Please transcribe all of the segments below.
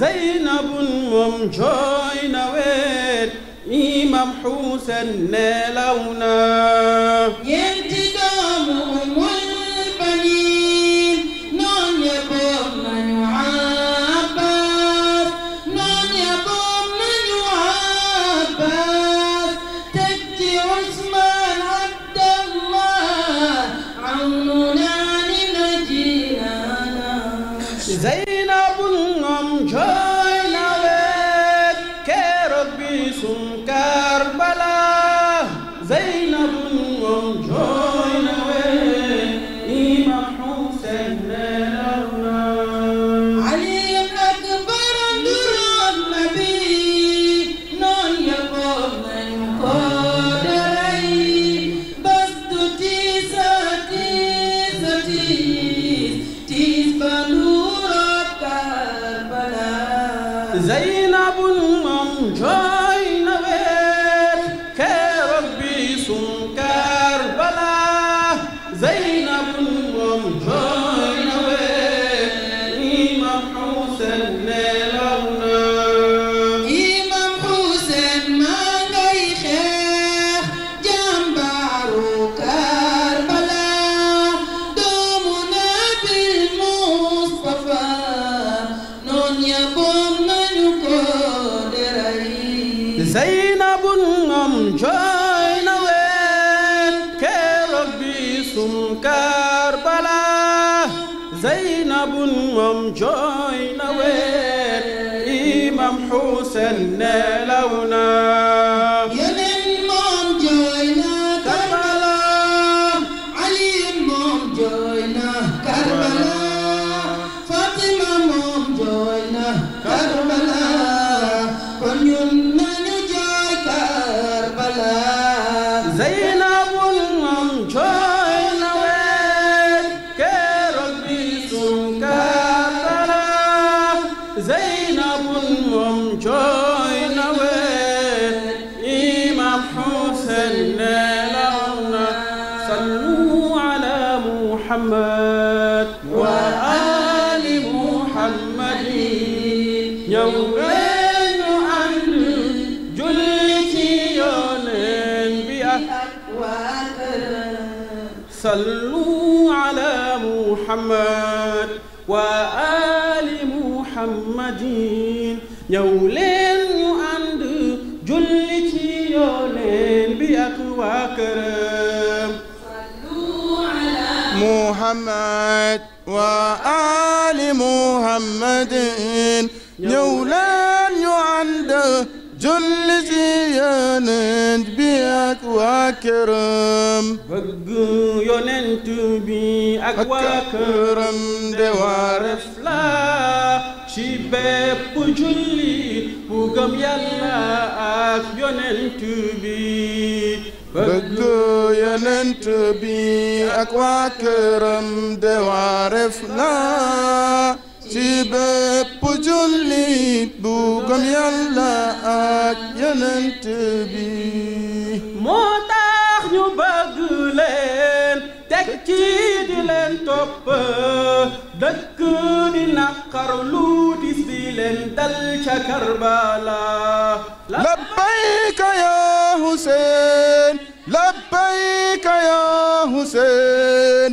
zeynabun moom jooy na weet imam xuusen nelaw na Zeynabun moom jooy na weet keroog bi sum ngom jooy na weet imam Xusen nelaw na محمد وآل محمد yow reñu ànd julli ci yonent bi ak waa këram sallu ala muhammad wa ali muhammadin yow leen محمد وآل محمد ñëw leen ñu ànd julli ci yonent bi ak waa këram bëgg yonent bi ak waa këram de wareef la ci bépp julli bu gëm yàlla ak yonent bi bëgg yonent bi ak waa këram de wareef na ci bépp jullit bu gëm yàlla ak yonent bi moo tax ñu bëgg leen teg ci di leen topp dëkk di naqar lu di li leen dal ca Karbala labbayka ya Hussein labbayka ya Hussein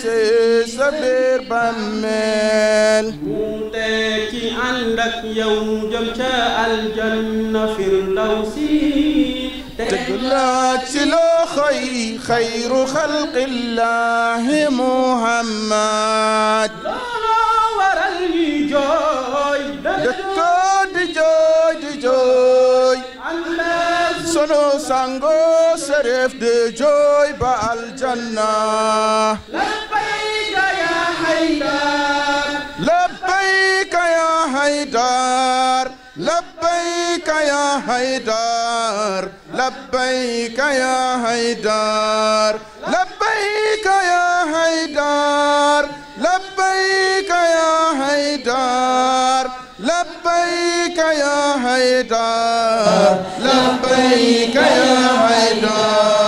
si sa biir bàmmeel muute ki ànd ak yow jëm ca aljanna firdawsi teg la ci loxo yi xayru xalqillaahi muhammad sono sango seref de joy ba aljanna labbayka ya haydar labbayka ya haydar labbayka ya haydar labbayka ya haydar labbayka ya haydar labbayka ya haydar لبيك يا حيدر لبيك يا حيدر